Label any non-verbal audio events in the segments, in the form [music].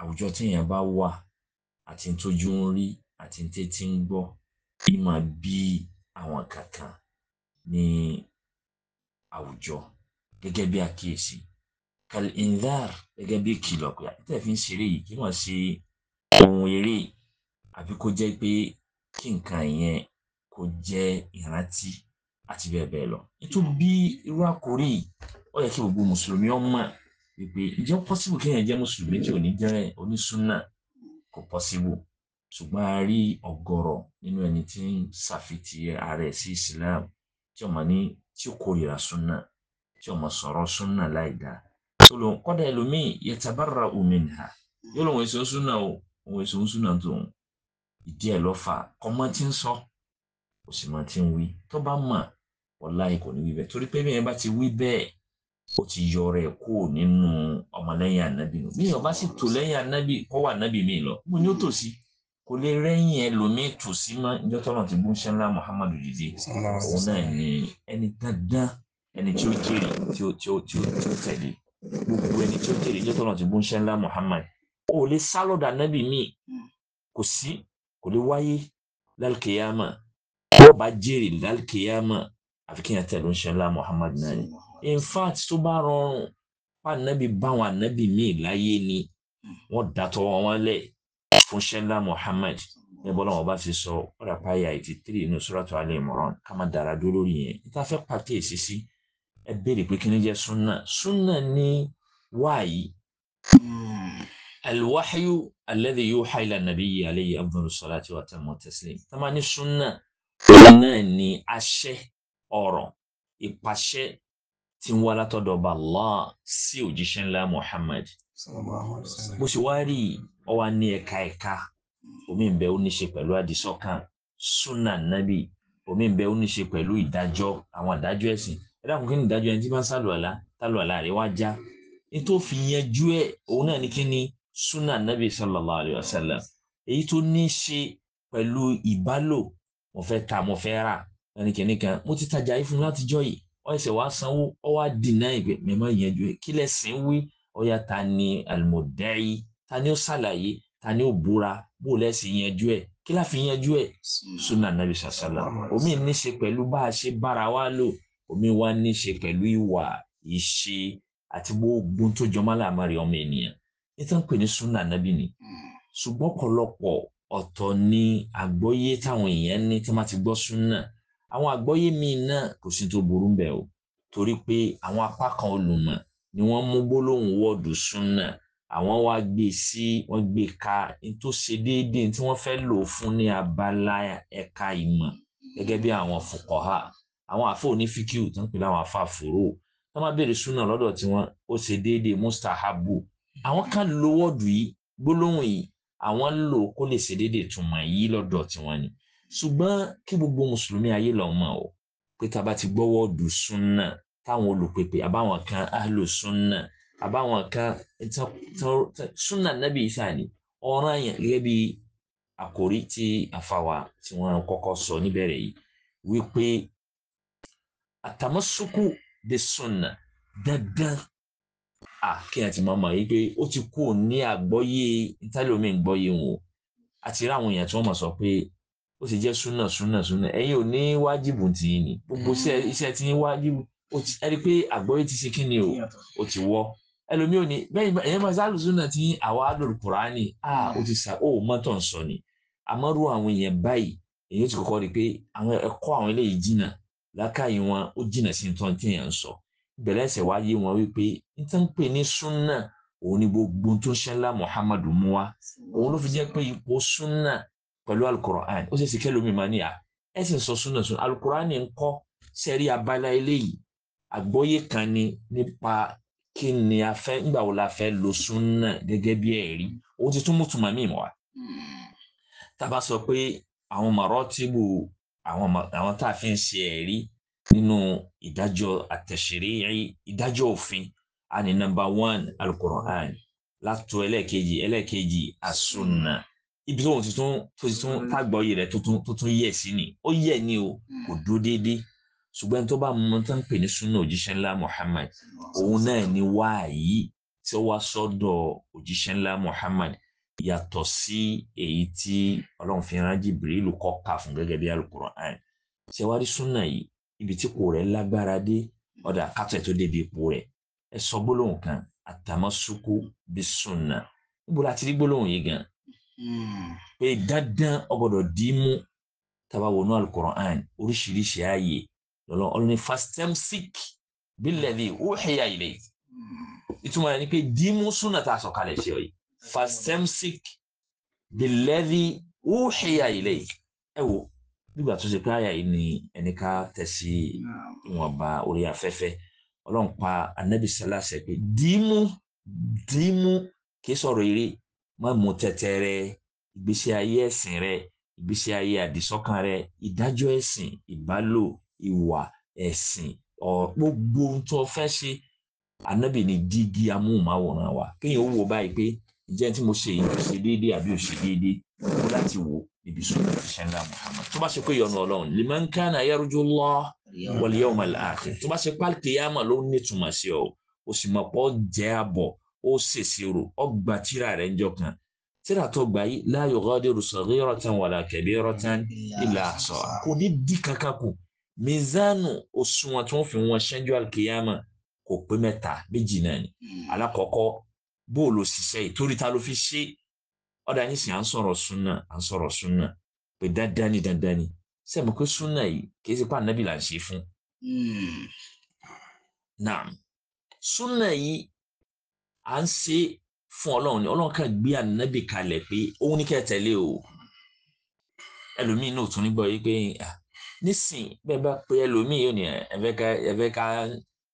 àwùjọ tí èèyàn bá wà àti tójú ń rí àti tétí ń gbọ́ í máa bí àwọn nǹkan kan ní àwùjọ gẹ́gẹ́ bí àkíyèsí kal-indhar gẹ́gẹ́ bí ìkìlọ̀ pé èyí tẹ̀ fi ń ṣeré yìí kì í máa ṣe ohun eré àbí kó jẹ́ pé kí nǹkan yẹn kó jẹ́ ìrántí àti bẹ́ẹ̀ bẹ́ẹ̀ lọ. N bí irú àkòrí yìí kí gbogbo mùsùlùmí ó wípé ǹjẹ́ pọ́sibù kéèyàn jẹ́ mùsùlùmí tí ò ní jẹ́ onísùnà kò pọ́sibù ṣùgbọ́n a rí ọ̀gọ̀rọ̀ nínú ẹni tí ń ṣàfitì ara ẹ̀ sí Islam tí ọmọ ní tí ó kórìíra súnà tí ọmọ sọ̀rọ̀ súnà láì dáa tó lòun kọ́dà ẹlòmíì yẹtabarra minha yóò lòun èso súnà o òun èso súnà tó ń ìdí ẹ̀ lọ́fà kọ́mọ tí ń sọ kò sì mọ tí ń wí tó bá mọ̀ wallahi kò ní wí bẹ́ẹ̀ torí pé bí ẹ bá ti wí bẹ́ẹ̀ ó ti yọ rẹ̀ kó nínú ọmọlẹ́yìn ànábì nù. bíyàn bá sì tò lẹ́yìn ànábì kọ́ wà ànábì mi lọ mo ní ó tò sí kò lè rẹ́yìn ẹlòmíì tò sí mọ́ ìjọ tọ́nà ti bú ṣẹ́ńlá Muhammadu dìde òun náà ni ẹni dandan ẹni tí ó jèrè tí ó tí ó tí ó tí ó tẹ̀lé gbogbo ẹni tí ó jèrè ìjọ tọ́nà ti bú ṣẹ́ńlá Muhammad ó lè sálọ̀dà ànábì mi kò sí kò lè wáyé lálùkìyàmà bó bá jèrè lálùkìyàmà àfi kí n yà tẹ̀lé ń ṣẹ́ńlá Muhammad náà ni in fact tó bá rọrùn pàànàbí báwọn ànábì míì láyé ni hmm. wọ́n dàtọ̀ wọn lẹ̀ fún ṣẹlá Muhammad ní bọ́lá wọn bá fi sọ ọ̀rọ̀ apáyà eighty three inú Suratu Ali Imran ká má dára dúró yẹn níta fẹ́ pàkíyèsí sí ẹ béèrè pé kí ni jẹ́ súnà súnà ní wáyí hmm. alwahyu alladhi yuha ila nabiyyi alayhi afdalu salati wa tamu taslim tamani súnà náà ní àṣẹ hmm. ọ̀rọ̀ ìpàṣẹ tí ń wá látọ̀dọ̀ ọba Allah sí òjíṣẹ́ ńlá Muhammad bó ṣe wá rí ọ wá ní ẹ̀ka ẹ̀ka omi ń bẹ ó ní ṣe pẹ̀lú àdìsọ́kàn sunna nabi omi ń bẹ ó ní ṣe pẹ̀lú ìdájọ́ àwọn àdájọ́ ẹ̀sìn ẹ dákun kí ni ìdájọ́ ẹni tí bá ń sàlùwàlá tàlùwàlá rẹ̀ wá já ní tó fi yanjú ẹ̀ òun náà ní kí ni sunna nabi sallallahu alayhi wa sallam èyí tó ní ṣe pẹ̀lú ìbálò mo fẹ́ ta mo fẹ́ rà ẹnikẹ́ni kan mo ti tajà yìí látijọ́ yìí wọ́n ṣẹ̀ṣẹ̀ wá sanwó ọ wá dìnnà ìgbẹ́ mẹ́mọ́ yẹn ju kí lẹ́sìn wí ọ̀yà ta ni àlùmọ̀dẹ́rì ta ni ó ṣàlàyé ta ni ó búra bó lẹ́sìn yẹn ju ẹ̀ kí la fi yanjú ẹ̀ sunna nabi sàṣàlà omi ní ṣe pẹ̀lú bá a ṣe bára wa lò omi wa ní ṣe pẹ̀lú ìwà ìṣe àti gbogbo tó jọmọ́ láàmárì ọmọ ènìyàn nítorí pé ní sunna nabi ni hmm. ṣùgbọ́n ọ̀pọ̀lọpọ̀ ọ̀tọ̀ ni àgbọ́yé táwọn èèyàn ní tí wọ́n ti gbọ́ sunna àwọn àgbọ́yé míì náà kò sí tó burú bẹ́ẹ̀ o torí pé àwọn apá kan olùmọ̀ ni wọ́n mú gbólóhùn wọ́ọ̀dù súnà àwọn wá gbé sí wọ́n gbé ka ní tó ṣe déédéé tí wọ́n fẹ́ lò fún ní abala ẹ̀ka ìmọ̀ gẹ́gẹ́ bí àwọn fòkọ́hà àwọn àfọ onífíkìú tó ń pè láwọn afá fòró tó má béèrè súnà lọ́dọ̀ tí wọ́n ó ṣe déédéé mustahabu àwọn kan lo wọ́ọ̀dù yìí gbólóhùn yìí àwọn lò kó lè ṣe déédéé túmọ̀ yìí lọ́dọ̀ tí wọ́n ni ṣùgbọ́n kí gbogbo mùsùlùmí ayé lọ mọ̀ o pé tá a bá ti gbọ́wọ́ dù súnà táwọn olùpèpè àbáwọn kan àlò súnà àbáwọn kan súnà nábì Ìsá ni ọ̀ràn yẹn gẹ́gẹ́ bí àkòrí tí àfàwà tí wọ́n kọ́kọ́ sọ níbẹ̀rẹ̀ yìí wípé àtàmọ́sùkù de súnà dandan à kí máa mọ̀ ó ti kú ní àgbọ́yé wọn àti ráwọn sọ pé ó sì jẹ́ súnà súnà súnà ẹ̀yin ò ní wájìbù tí yín ni gbogbo iṣẹ́ mm. tí yín wájìbù ẹ rí i pé àgbọ́yé ti ṣe kí ni o ó ti wọ́ ẹlòmíì ò ní bẹ́ẹ̀ ẹ̀yin máa sálù súnà tí yín àwa àdùrù kùránì à ó mm. ti sà ó mọ́tò ń sọ ni àmọ́rú àwọn èèyàn báyìí èyí ti kọ́kọ́ rí i pé àwọn ẹ̀kọ́ àwọn eléyìí jìnnà lákàyè wọn ó jìnnà sí nǹkan tí èèyàn ń sọ ìbẹ̀rẹ̀ ẹ̀sẹ̀ wá wọn wípé nítorí pé ní súnà òun ni gbogbo tó ń ṣẹlá Muhammadu mú wa òun ló fi jẹ́ pé ipò súnà pẹ̀lú alukur'an ó sì sì kẹ́lómi máa níyà ẹ sì ń sọ súnà súnà alukur'an ń kọ́ sẹ́rí abala eléyìí àgbọ́yé kan ni nípa kí ni a fẹ́ ńgbà wo la fẹ́ lo súnà gẹ́gẹ́ bí ẹ̀rí ó ti tún mú tuma mí wá tábà sọ pé àwọn màrọ́tìbù àwọn tá a fi ń ṣe ẹ̀rí nínú ìdájọ́ àtẹ̀sírí ìdájọ́ òfin a ní nọ́mbà one alukur'an látò ẹlẹ́ẹ̀kejì ẹlẹ́ẹ̀kejì asúnà ibi mm. tó wọn tuntun tó tuntun tágbọ́yé rẹ̀ tuntun yẹ̀ sí ni ó yẹ̀ ni o mm. kò dúró déédéé ṣùgbọ́n tó bá mọ tó pè ní súnà òjíṣẹ́ ńlá Muhammad òun náà ni wáàyí tí ó wá sọ́dọ̀ òjíṣẹ́ ńlá Muhammad yàtọ̀ sí èyí tí ọlọ́run fi rán Jibrilu kọ́ kà fún gẹ́gẹ́ bí Al-Qur'an ṣe wá rí súnà yìí ibi tí kò rẹ̀ lágbára dé ọ̀dà kátọ̀ ẹ̀ tó débi ipò rẹ̀ ẹ sọ gbólóhùn kan àtàmọ́sùkú bí súnà níbo la ti rí gbólóhùn yìí gan pé dandan ọgbọ́dọ̀ dì í mú taba wọnú alukoran oríṣiríṣi ààyè lọ́lọ́run ọlọ́ni fastemsik bílẹ̀lì uhiya ilayk ìtumọ̀ rẹ̀ ni pé dì í mú súnà tá a sọ kalẹ̀ ṣe yìí fastemsik bílẹ̀lì uhiya ilayk ẹ wo nígbà tó ṣe pé àyà yìí ni ẹni ká tẹ̀sí ìwọ̀nba orí afẹ́fẹ́ ọlọ́run pa anabi sallásẹ̀ pé dì í mú sọ̀rọ̀ eré má mu tẹ́tẹ́ rẹ ìgbésí ayé ẹ̀sìn rẹ ìgbésí ayé àdìsọ́kàn rẹ ìdájọ́ ẹ̀sìn ìbálò ìwà ẹ̀sìn gbogbo ohun tó fẹ́ ṣe ànábì ní dígí amóhùnmáwòrán wa kéèyàn ó wò báyìí pé ìjẹ́ tí mo ṣe yìí ṣe déédéé àbí ò ṣe déédéé ó láti wò níbi sọ́dọ̀ ṣiṣẹ́ ńlá Muhammad tó bá ṣe pé ìyọnu ọlọ́run liman kana yarju Allah wal yawmal akhir tó bá ṣe pálkì yàmà ló ní ìtumọ̀ sí ọ o jẹ́ àbọ̀ ó ṣèṣirò ọgbà tíra rẹ̀ ń jọ kan tíra tó gbà yìí la yughadiru saghiratan wala kabiratan illa ahsa kò ní dí kankan kù mizanu òṣùwọ̀n tí wọ́n fi wọn ṣẹ́njú alkiyama kò pé mẹ́ta méjì náà ni hmm. alákọ̀ọ́kọ́ bóòlù òṣìṣẹ́ yìí torí ta ló fi ṣe ọ̀dà yín sì à ń sọ̀rọ̀ súnà à ń sọ̀rọ̀ súnà pé dandan ni dandan ni sẹ́mi pé súnà yìí kì í ṣe pé ànábì là ń ṣe fún. Hmm. súnà yìí à ń ṣe fún ọlọ́run ni ọlọ́run kàn gbé ànábì kalẹ̀ pé òun ní o ẹlòmíín náà tún nígbọ́ yìí pé nísìn bẹ́ẹ̀ bá pé ẹlòmíín yóò ní ẹ̀fẹ́ ká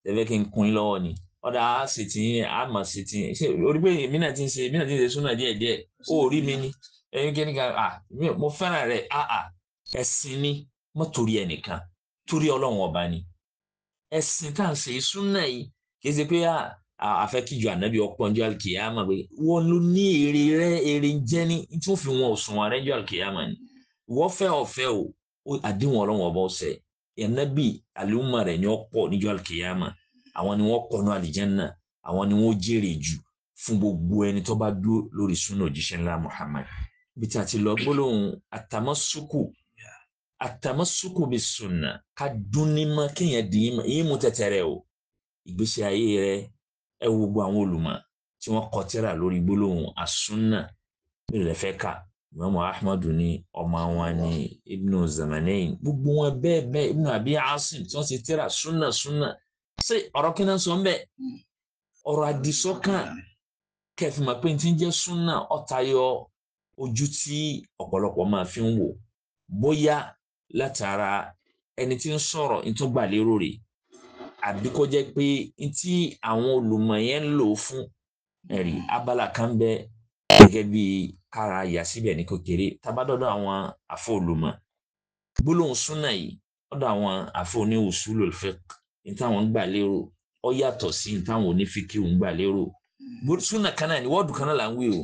ẹ̀fẹ́ kí n kun yín lọ́wọ́ ni ọ̀dà á sì ti á mọ̀ sí ti ṣe orí pé ti ń se èmi náà ti ń ṣe súnà díẹ̀ díẹ̀ ni ẹ̀yin kí ni ká à mo fẹ́ràn rẹ̀ àà ẹ̀sìn ni mo torí ẹnìkan torí ọlọ́run ọba ni ẹ̀sìn tá à ń súnà yìí afẹ́ kíjọ ànábì ọ̀pọ̀ njọ́ alikiyama pé wọ́n ló ní èrè rẹ èrè ń jẹ́ ní tí ó fi wọn òṣùwọ̀n rẹ njọ́ alikiyama ni wọ́n fẹ́ ọ̀fẹ́ o àdéhùn ọlọ́wọ́n ọba ọ̀sẹ̀ ànábì àlùmọ̀ rẹ̀ ni ó pọ̀ níjọ́ alikiyama àwọn ni wọ́n kọ́nu àlìjẹ́nà àwọn ni wọ́n jèrè jù fún gbogbo ẹni tó bá dúró lórí súnà òjíṣẹ́ ńlá Muhammad bí ti àti lọ gbólóhùn àtàmọ́sùkù àtàmọ́sùkù bí súnà ká dún ní mọ́ kéèyàn dín ní mọ́ èyí mú tẹ̀tẹ̀rẹ̀ o ìgbésí ayé rẹ̀ ẹ wo gbogbo àwọn olùmọ̀ tí wọ́n kọ tírà lórí gbólóhùn asúnà mélòó lẹ ahmadu ni ọmọ wọn ni ibnu zamanayin gbogbo wọn bẹ́ẹ̀ bẹ́ẹ̀ ibnu abi asim tí wọ́n ti tírà súnà súnà ṣé ọ̀rọ̀ kí náà sọ ń bẹ ọ̀rọ̀ àdìsọ́kàn kẹfìmọ pé n ti jẹ súnà ọtayọ ojú tí ọ̀pọ̀lọpọ̀ máa fi ń wò bóyá látara ẹni tí ń sọ̀rọ̀ ìtúgbàlérò rèé àbí kó jẹ́ pé tí àwọn olùmọ̀ yẹn ń lò fún ẹ̀rí mm. abala kan bẹ gẹ́gẹ́ bí kára yà síbẹ̀ ní kékeré tabadọ́dọ̀ àwọn àfọ olùmọ̀ gbólóhùn súnà yìí ọ̀dọ̀ àwọn àfọ oníwùsùlù fiqh ní táwọn ń gbà lérò ó yàtọ̀ sí ní táwọn onífikiu ń gbà lérò súnà kan náà ni wọ́ọ̀dù kan náà là ń wí o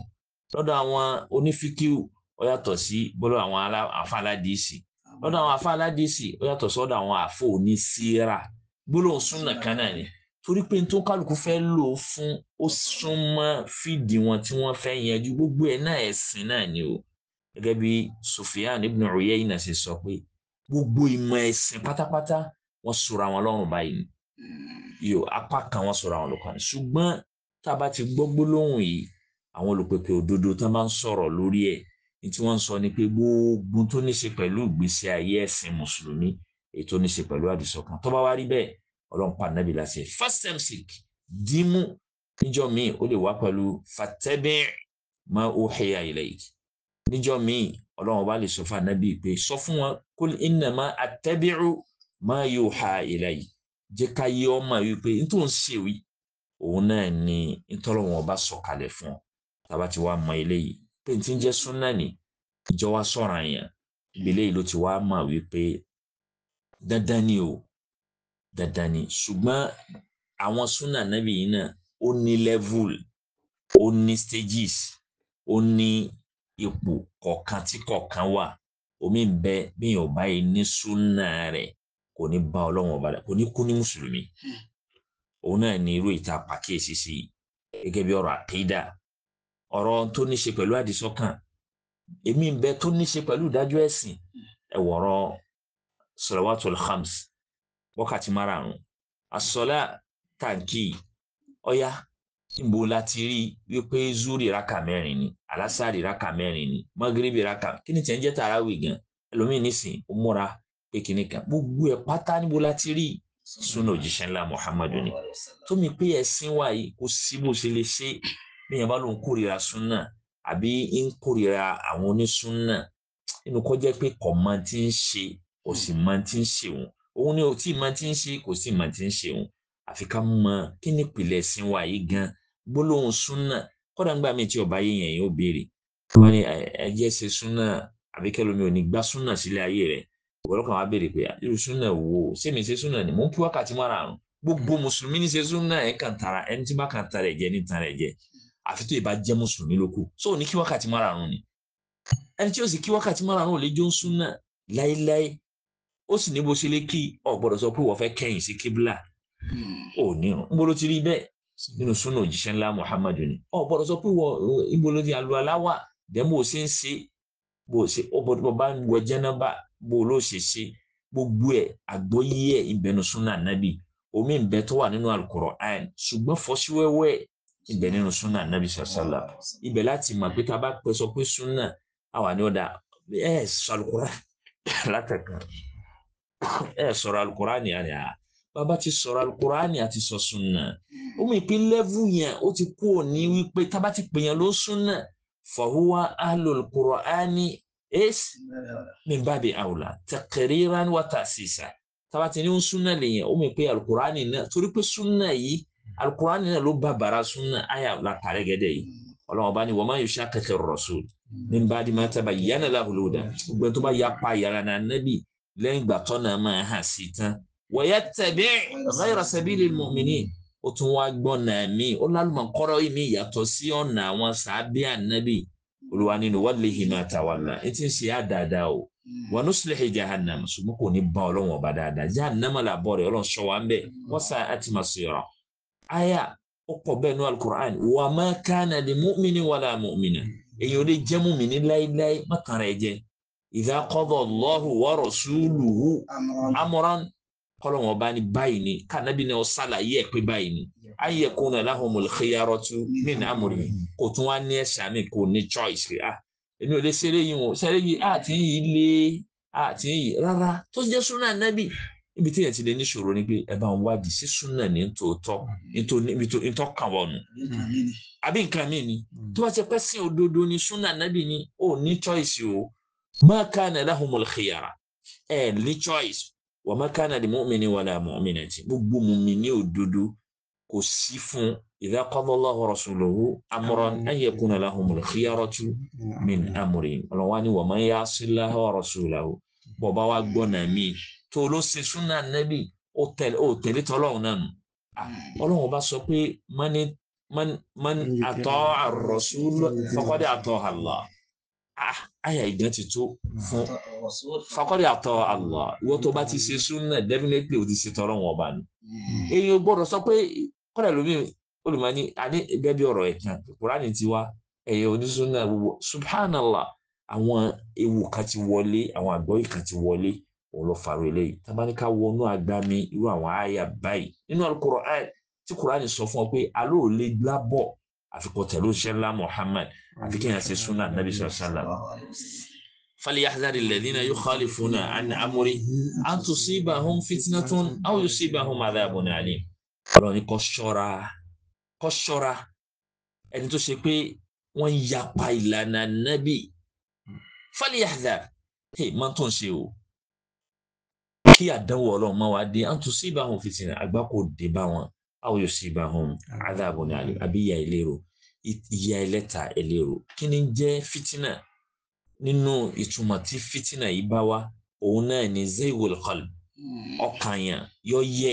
lọ́dọ̀ àwọn onífikiu ó yàtọ̀ sí bọ́lọ̀ àwọn afáàládìsì lọ́dọ̀ àwọn afáàládìsì ó yàtọ̀ sọ́dọ̀ àwọn àfọ onísíra gbólóhùn súnà náà ni torí pé tó kálukú fẹ́ lò ó fún ó súnmọ́ fídì wọn tí wọ́n fẹ́ yanjú gbogbo ẹ̀ náà ẹ̀sìn náà ni o gẹ́gẹ́ bí Sufyan ibn Uyayna ṣe sọ pé gbogbo ìmọ̀ ẹ̀sìn pátápátá wọ́n sora wọn lọ́rùn báyìí yóò apá kan wọ́n sora wọn lọ́kàn ṣùgbọ́n tá a bá ti gbọ́ gbólóhùn yìí àwọn olùpẹ̀pẹ̀ òdodo tá a máa ń sọ̀rọ̀ lórí ẹ̀ ní tí wọ́n ń sọ ni pé gbogbo tó ní ṣe pẹ̀lú ìgbésí ayé ẹ̀sìn mùsùlùmí èyí tó ní ṣe pẹ̀lú àdìsọ́kàn tó bá wá rí bẹ́ẹ̀ ọlọ́run pa ànábì láṣẹ fastemsik dímú níjọ́ míì ó lè wá pẹ̀lú fatẹ́bẹ́ ma uhiya ilayk níjọ́ mi ọlọ́run bá lè sọ fún ànábì pé sọ fún wọn kul innama attabi'u ma yuha ilayk jẹ́ ká yé ọmọ wípé n tó ń ṣe wí òun náà ni ntọ́lọ́wọ́n bá sọ̀kalẹ̀ fún ọ tàbá ti wá mọ eléyìí pé n ti ń jẹ́ ni ìjọ wa sọ̀rọ̀ àyàn eléyìí ló ti wá mọ̀ wípé dandan ni o dandan ni ṣùgbọ́n àwọn súnà nábì yìí náà ó ní level ó ní stages ó ní ipò kọ̀ọ̀kan tí kọ̀ọ̀kan wà omi ń bẹ bíyàn ọba yìí ní súnà rẹ̀ kò ní bá ọlọ́run ọba rẹ̀ kò ní kú ní mùsùlùmí òun náà ní irú ìta pàkíyèsí sí gẹ́gẹ́ bí ọ̀rọ̀ àkéédà ọ̀rọ̀ tó ní ṣe pẹ̀lú àdìsọ́kàn èmi ń bẹ tó ní ṣe pẹ̀lú ìdájọ́ ẹ̀sìn ẹ̀wọ̀rọ̀ salawatul khams wákàtí márààrún àsọlá tàǹkì ọyá níbo la ti rí wípé zuri raka mẹ́rin ni alásàrì raka mẹ́rin ni magrebi raka kí ni tiẹ̀ ń jẹ́ tàràwì gan ẹlòmíín nísìn ó múra pé kíní kan gbogbo ẹ̀ pátá níbo la ti rí súnà òjíṣẹ́ ńlá muhammadu ni tómi pé ẹ̀sìn wa yìí kò sí bó ṣe lè ṣe bí yẹn bá lóun kórìíra súnà àbí ń kórìíra àwọn onísúnà nínú kọjá pé kò mọ tí ń ṣe kò sì mọ tí ń ṣe òun òun ni ò tí ì mọ tí ń ṣe kò sí mọ tí ń ṣe òun àfi ká mọ kí ni ìpìlẹ̀ ẹ̀sìn wa yìí gan gbólóhùn súnà kódà ńgbà míì tí ọba yìí yẹn yóò béèrè wọn ni ẹjẹ ṣe súnà àbí kẹlòmíì ò ní gbá súnà sílé ayé rẹ ọlọ́kàn wa béèrè pé irú súnà wo sẹ́mi ṣe súnà ni mò ń kí wákàtí márùn-ún gbogbo mùsùlùmí ní ṣe súnà ẹ̀ kàn tara ẹni tí bá kàn tara ẹ̀ ní tara ẹ̀ àfi tó ìbá jẹ́ mùsùlùmí ló kù so ní kí wákàtí márùn-ún ni ẹni tí ó sì kí wákàtí márùn-ún ò lè jó ń súnà láéláé ó sì ní bó ṣe lé kí ọ̀gbọ́dọ̀ sọ pé wọ́n fẹ́ kẹ́yìn sí kíbílà ò nírun ń bolo ti rí bẹ́ẹ̀ nínú súnà òjíṣẹ́ ńlá muhammadu ni ọ̀gbọ́dọ̀ sọ pé wọ́n ń bolo ti alu aláwà dẹ́ bó ṣe ń ṣe bó ṣe ó bọ́dọ̀ bá ń wọ jẹ́nàbà bó ló ṣe ṣe gbogbo ẹ̀ àgbọ́yé ẹ̀ ìbẹ̀nu súnà nábì omi ń tó wà nínú alukur'an ṣùgbọ́n fọ́síwẹ́wẹ́ ibẹ̀ nínú súnà nábì sàṣàlà ibẹ̀ láti mọ̀ pé tá a sọ pé súnà àwa ni ọ̀dà ẹ̀ sàlùkùrà [laughs] látẹ̀kàn ẹ sọ̀rọ̀ alukurani àná bàbá ti sọ̀rọ̀ alukurani àti sọ sunna ó mú ìpín lẹ́vù yẹn ó ti kú òní wípé tábà ti pè yẹn ló sunna fahuwa ahlul qur'ani es min babi awla taqriran wa ta'sisa tábà ti ní sunna lèyẹn ó mú ìpín alukurani náà torí pé sunna yìí alukurani náà ló bá bàrà sunna àyà látàrí gẹ́dẹ́ yìí ọlọ́wọ́n bá ní wọ́n máa ń yọṣẹ́ akẹ́kẹ́ rọ̀ṣùl min ba'di ma tabayyana lahul huda gbogbo tó bá yapa yàrá náà nábì lẹ́yìn ìgbà tọ́nà máa hàn sí tán wa yattabi' ghayra sabilil mu'minin ó tún wá gbọ́nà mí ó lálùmọ̀ kọ́rọ́ mi yàtọ̀ sí ọ̀nà àwọn sàábí ànábì olùwà nínú wallahi ma tawalla ẹ ti ń ṣe àdáadáa o wa nuslihi jahannam ṣùgbọ́n kò ní ban ọlọ́wọ̀n ọba dáadáa jahannam làbọ̀ rẹ̀ ọlọ́run ṣọ́ wa ń bẹ̀ wọ́n sa àti masira aya ó pọ̀ bẹ́ẹ̀ ní alukur'an wa ma kana li mu'minin wala mu'mina èyí ò lè jẹ́ mu'mini láéláé má kàn rẹ̀ jẹ́ ìdá kọ́dọ̀ lọ́hùn wọ́rọ̀ sùúlùú amúran kọ́lọ́wọ́n bá ní báyìí ni kànábì náà ṣàlàyé ẹ̀ pé báyìí ni ayé kó náà lahumul khiyaratu min amri kò tún wá ní ẹ̀ṣà mi kò ní choice rẹ̀ ah èmi ò lè ṣeré yìí wọn ṣeré yìí ah, àti yìí lé ah, àti yìí rárá tó jẹ́ súnà nábì ibi tí yẹn ti lè níṣòro ni pé ẹ bá ń wádìí sí súnà ní tòótọ́ nítò kàn wọnù àbí nǹkan mi ni hmm. tó bá ti pẹ́ sí òdodo ni súnà nábì ni ò ní choice o ma kana lahumul khiyara ẹ ní choice wa ma kana li mu'mini wala mu'minati gbogbo mu'mini òdodo kò sí fún idha qadallahu wa rasuluhu amran an yakuna lahumul khiyaratu min amrihim ọlọ́wání wa man ya'sillaha wa rasulahu bọ̀bá wa gbọ́nà mi tó ló ṣe súnà nẹ́bí ó tẹ̀lé tọ́lọ́run náà ọlọ́run bá sọ pé man ata ar-rasul faqad ata Allah. Ah, àyà ìdán ti tó fún fakọ́rí àtọ Allah ìwọ tó bá ti ṣe súnà definitely o ti ṣe tọrọ wọn ọba ni hmm. èyí gbọ́dọ̀ sọ pé kọ́dà lómi olùmọ̀ni àní gẹ́gẹ́ ọ̀rọ̀ ẹ̀kan kúránì ti wá ẹ̀yẹ onísúnà gbogbo subhanallah àwọn ewu kan ti wọlé àwọn àgbọ̀yì kan ti wọlé òun lọ fàrọ eléyìí tabaníkà wọnú agbami irú àwọn àyà báyìí nínú al-Qur'an tí kúránì sọ fún ọ pé alóòlé lábọ̀ àfikọ̀ tẹ̀lé òṣèlú Muhammad àfi kí yẹn ṣe súnà nàbí sàlá falyahdhari alladhina yukhalifuna an amri an tusibahum fitnatun aw yusibahum adhabun alim ọlọ́run ni kó ṣọ́ra kó ṣọ́ra ẹni tó ṣe pé wọ́n yapa ìlànà nábì falyahdhar máa tó ń ṣe o kí àdánwò ọlọ́run máa wá dé an tusibahum fitna àgbákò dé bá wọn aw yusibahum adhabun alim àbí ìyà ìlérò ìyá ẹlẹ́ta ẹlẹ́rọ kí ni jẹ́ fìtínà nínú ìtumọ̀ tí fìtínà yìí bá wá òun náà ni zayul qalb ọkàn yẹn yọ yẹ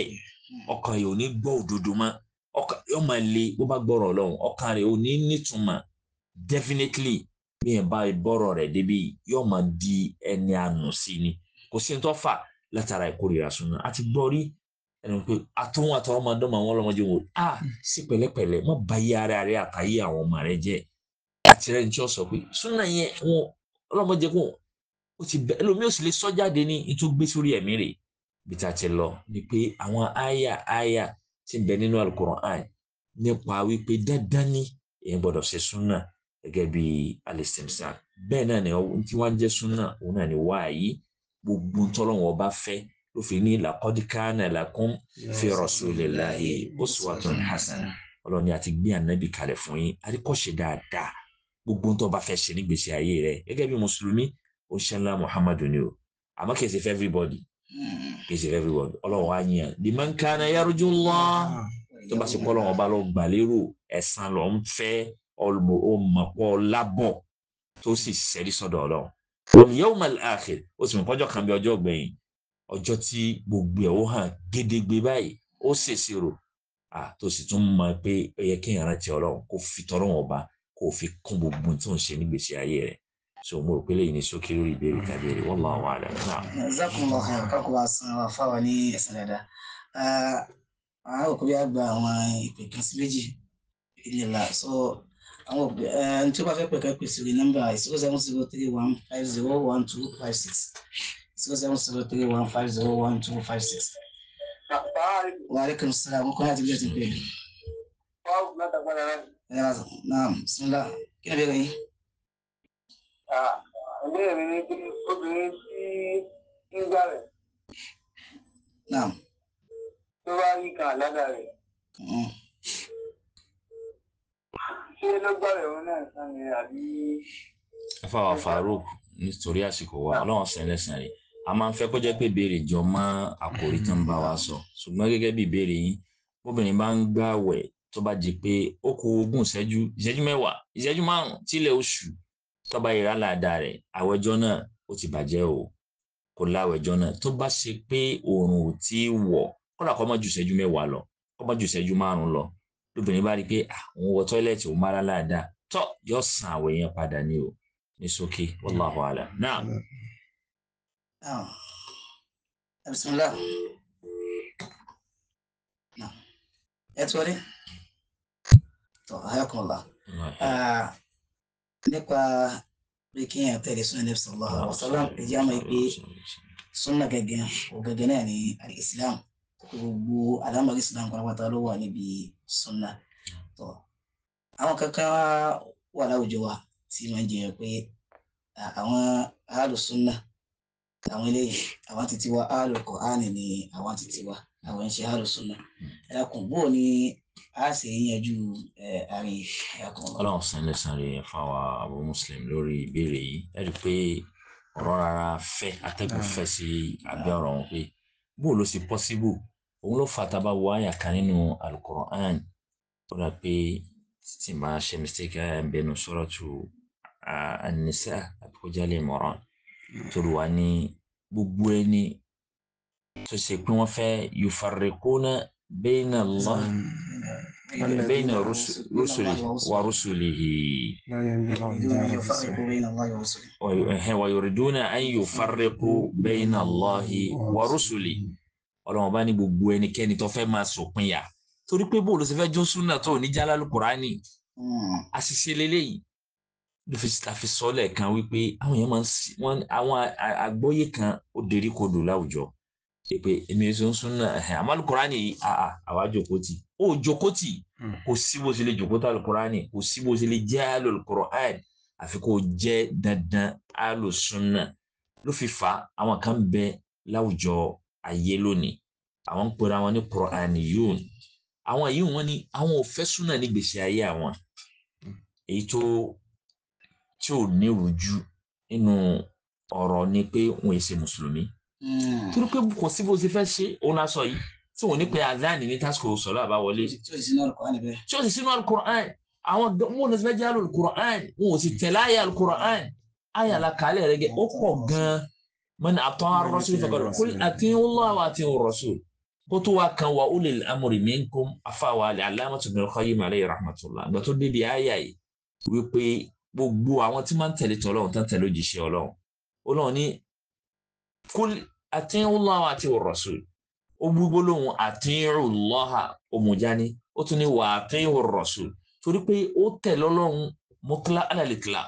ọkàn yẹn ò ní gbọ́ òdodo mọ́ ọkàn yọ máa le bó bá gbọ́rọ̀ lọ́hùn ọkàn rẹ̀ ò ní nítumọ̀ definitely bí yẹn bá bọ́rọ̀ rẹ̀ débi yọ máa di ẹni àánú sí ni kò sí ní tó fà látara ìkórìíra sunna àti gbọ́rí ẹnu pé atún àtàwọn ọmọ ọdún àwọn ọlọmọdé wò á sí hmm. pẹ̀lẹ́pẹ̀lẹ́ má ba yí ara rẹ àtàyé àwọn ọmọ rẹ jẹ́ àtìrẹ ní tí ó sọ pé súnà yẹn wọn ọlọmọdé kò ó ti bẹ ẹlòmíràn sì lè sọ jáde ní ìtú gbé sórí ẹ̀mí rẹ̀ bí ta ti lọ ni pé àwọn àyà àyà ti bẹ nínú Al-Qur'an nípa wípé dandan ni èèyàn gbọ́dọ̀ ṣe súnà gẹ́gẹ́ bí alistimsa bẹ́ẹ̀ náà ni tí wọn jẹ súnà òun náà ni wáàyí gbogbo tọlọwọn ọba fẹ́ ló fi ní laqad kana lakum fi rasulillahi uswatun hasana ọlọ́ni àti gbé ànábì kalẹ̀ fún yín àríkọ́ṣe dáadáa gbogbo tó bá fẹ́ ṣe nígbèsè ayé rẹ gẹ́gẹ́ bí mùsùlùmí ó muhammadu ni o àmọ́ kìí ṣe for everybody kìí ṣe for everybody ọlọ́run á yàn liman kana yarjullah tó bá ṣe kọ́lọ́run ọba lọ gbàlérò ẹ̀san lọ ń fẹ́ ọmọpọ̀ lábọ̀ tó sì ṣẹ́rí ọjọ́ tí gbogbo ẹ̀ ó hàn gédégbé báyìí ó ṣèṣirò à tó sì tún mọ pé ó yẹ kéèyàn rántí ọlọ́run kó fi tọlọ́run ọba kó fi kún gbogbo tó ń ṣe nígbèsè ayé rẹ̀ so mo rò pé lẹ́yìn ní sókè lórí ìbéèrè tàbí wallahu a'lam. jazakumullahu khairan kákó bá san fáwọn ní ẹ̀sìn dáadáa àwọn òkú bí àwọn ìpè kan sí méjì ìlera so àwọn òkú ẹni tó bá fẹ́ pẹ̀kẹ́ pèsè rí nọ́mbà zero oh seven zero three one five zero one two five six. 0703150126. Wa alaikum salam kuna tafiya tafiya. Bawo na ta kwana nan. Ya na'am bismillah kí ni bẹ́ẹ̀ ni. Ìbéèrè mi ni obìnrin tí ń gbà rẹ̀. Na'am. Tó bá rí kan àládà rẹ̀. Ṣé ló gbà rẹ̀ òun náà sani àbí. Afa wa Farouk nítorí àsìkò wa, ọlọ́run sẹ́lẹ̀ sẹ́lẹ̀ a máa ń fẹ́ kó jẹ́ pé ìbéèrè jọ mọ́ àkòrí tó ń bá wa sọ ṣùgbọ́n gẹ́gẹ́ bí ìbéèrè yín bóbìnrin bá ń gbààwẹ̀ tó bá di pé ó kù ogún ìṣẹ́jú ìṣẹ́jú mẹ́wàá ìṣẹ́jú márùn-ún tílẹ̀ oṣù tó bá ìrà làdà rẹ̀ àwẹ̀jọ́ náà ó ti bàjẹ́ o kò láwẹ̀jọ́ náà tó bá ṣe pé oòrùn ò tí ì wọ̀ kódà kó má ju ìṣẹ́jú mẹ́wàá lọ kó má ju ìṣẹ́jú márùn-ún lọ lóbìnrin bá rí i pé àwọn wọ tọ́ílẹ̀tì òun mára làdà tó yọ san àwẹ̀ yẹn padà ní o ní sókè wallahu alam náà. آه. بسم الله نعم يا ولي طب حياكم الله nípa pé kí tẹ̀lé súnà Nabi sallallahu alaihi wasallam ìjẹ́ àmọ́ pé ló wà níbi àwọn kankan wà láwùjọ wa tí pé àwọn aráàlú tàwọn eléyìí àwa ti tiwa àlù kọ̀ánì ni àwa ti tiwa àwọn ń ṣe àlù súnà ẹ̀kùn bó ni a ṣe yanjú àárín ẹ̀kùn. ọlọ́run sẹ́lẹ̀ sáré fáwa Abu Muslim lórí ìbéèrè yìí ẹ rí i pé ọ̀rọ̀ rárá fẹ́ atẹ́gùn fẹ́ sí abẹ́ ọ̀rọ̀ wọn pé bó ló ṣe pọ́síbù òun ló fa taba wo àyà kan nínú alukoran ó rà pé tí màá ṣe mistake àyà ń bẹnu suratu an-Nisa àbíkó Jali Imran tó lù wá gbogbo ẹni tó ṣe pé wọ́n fẹ́ yufarrikuna bayna Allah bayna rusuli wa rusulihi eh, wa yuriduna an yufarriqu bayna Allahi wa rusulihi ọlọ́wọ́n bá ní gbogbo ẹnikẹ́ni tó fẹ́ máa sòpin yà torí pé bóòlù ṣe fẹ́ jó súnà tó ní jálálù kùránì hmm. àṣìṣe lélẹ́yìí ló fi tàfi sọ́lẹ̀ kan wípé àwọn èèyàn máa ń sí wọn àwọn àgbọ́yé kan ó derí kodò láwùjọ pé èmi èso ń sún náà àmọ́ alukurani yìí àà àwa jòkótì ó jòkótì hmm. kò sí bó ṣe lè jòkótì alukurani kò sí bó ṣe lè jẹ́ alukuran àfi kò jẹ́ dandan alusunna ló fi fa àwọn kan bẹ láwùjọ ayé lónìí àwọn ń pera wọn ní kurani àwọn yìí wọn ni àwọn ò fẹ́ súnà ní gbèsè ayé àwọn èyí tó tí ò ní ìrújú nínú ọ̀rọ̀ ni pé wọn èsì mùsùlùmí. Hmm. torí pé kò sí bó ṣe fẹ́ ṣe òun náà sọ yìí tí wọn ní pé adáàní ní tásìkò sọ̀rọ̀ àbáwọlé. tí ò sì sínú alukur'an bẹ́ẹ̀. tí ò sì sínú alukur'an àwọn wọn ò sì fẹ́ jẹ́ alukur'an wọn ò sì tẹ̀lé àyà alukur'an àyà làkàlẹ̀ rẹ gẹ́ ó pọ̀ gan-an mọ́ni àtọ́ arọ́sùn fẹ́kọ̀ọ́ kó àti Allah wa àti rọ̀sùn kó tó wá kan wa ulil amri minkum afáwa alámọ̀tò Ibn Qayyim alayhi rahmatullah gbàtó débi àyà yìí wípé gbogbo àwọn tí máa ń tẹ̀lé tọ́ ọlọ́run tán tẹ̀lé òjíṣẹ́ ọlọ́run ọlọ́run ní kul ati'ullaha wa ati'ur rasul ó gbogbo lóhun ati'ullaha òmùjáni ó tún ní wa ati'ur rasul torí pé ó tẹ̀lé ọlọ́run mọ́kílá alàlìkìlá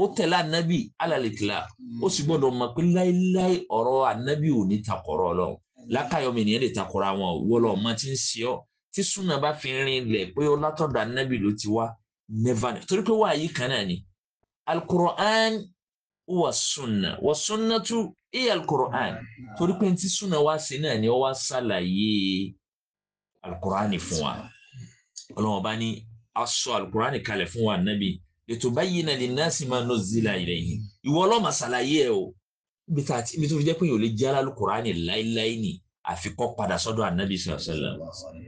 ó tẹ̀lé ànábì alàlìkìlá ó sì gbọ́dọ̀ mọ̀ pé láíláí ọ̀rọ̀ ànábì ò ní takọ̀rọ̀ ọlọ́run lákàyọ̀mí nìyẹn lè takọ̀rọ̀ àwọn òwúrọ̀ ọmọ tí ń ṣe ọ́ tí súnà bá fi rin ilẹ̀ pé ó látọ̀dọ̀ ànábì ló ti wá never torí pé wáyé kan náà ni alukur'an wà sunna wà sunna tu iye alukur'an torí pé ntí sunna wá sí náà ni wọ́n wá sàlàyé alukur'an fún wa ọlọ́wọ́n bá ní aṣọ alukur'an kalẹ̀ fún wa nàbí ètò báyìí náà lè násì máa nọ zila ilayhi ìwọ ọlọ́mọ sàlàyé ẹ o ibi tó fi jẹ́ pé yòó lè jẹ́ alukur'an láéláé ni àfikọ́ padà sọ́dọ̀ ànábì sọ̀sẹ̀lẹ̀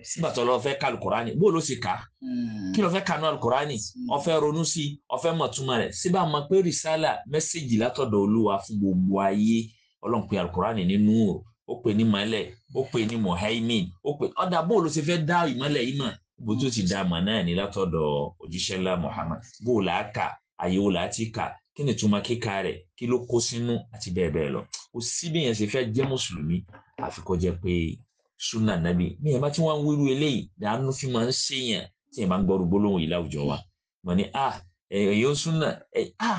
nígbà tó lọ fẹ́ ka alukurani bó ló sì ka hmm. kí ló fẹ́ kanú alukurani hmm. ó fẹ́ ronú sí ó fẹ́ mọ̀ túmọ̀ rẹ̀ síbà mọ̀ pé rìsálà mẹ́sẹ̀gì látọ̀dọ̀ olúwa fún gbogbo ayé ọlọ́run pé alukurani nínú o ó pè ní mọ́lẹ̀ ó pè ní mohaimin ó pè ọ̀dà bó ló sì fẹ́ dá ìmọ́lẹ̀ yìí mọ̀ bó tó ti dá àmọ̀ náà ní látọ̀dọ̀ òjíṣẹ́lá Muhammad bó làá kà àyè wo làá ti kà kí ni ìtumọ̀ kíka rẹ̀ kí ló kó sínú àti bẹ́ẹ̀ bẹ́ẹ̀ lọ kò sí bí èèyàn ṣe fẹ́ jẹ́ mùsùlùmí àfi kó jẹ́ pé súnà nàbì bí èèyàn bá ti wá ń wíru eléyìí dànù fi máa ń ṣèyàn tí èèyàn bá ń gbọ́rù gbólóhùn yìí láwùjọ wa mọ̀ ní à èèyàn súnà à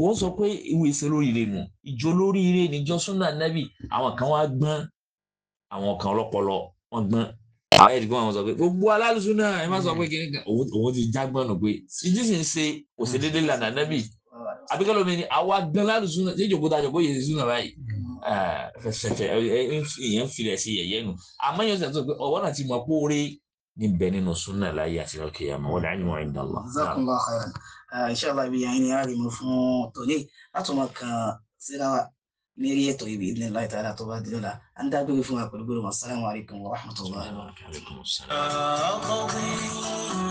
wọ́n sọ pé ìwé ìṣe lóríire nù ìjọ lóríire níjọ súnà nàbì àwọn kan wá gbọ́n àwọn kan ọlọ́pọlọ wọ́n gbọ́n àwọn ẹ̀dùnkún àwọn sọ pé gbogbo alálùsùn náà ẹ má sọ pé kí òun ti jágbọ́n nù pé ìdí sì ń ṣe òṣèdédé lànà nàbì a bɛ kalo mɛni awa danna zuna e jogo da jogo ye zuna ba ye fɛfɛ yen filɛ se yɛ yɛnu a ma ɲɛ sɛ sɔ o wana ti ma koore nin bɛɛ ni nɔ sunna la yasi ka kɛ yan ma wala an ɲɔgɔn in da la. zakunba khairan inshallah bi yan ni ali mo fún tòní a tún ma kan sira miiri ye tɔyi bi idina lahi taala tó bá dilo la an da dɔw fún wa kulukulu ma salamu alaykum wa rahmatulahi wa barakatuh. Ah,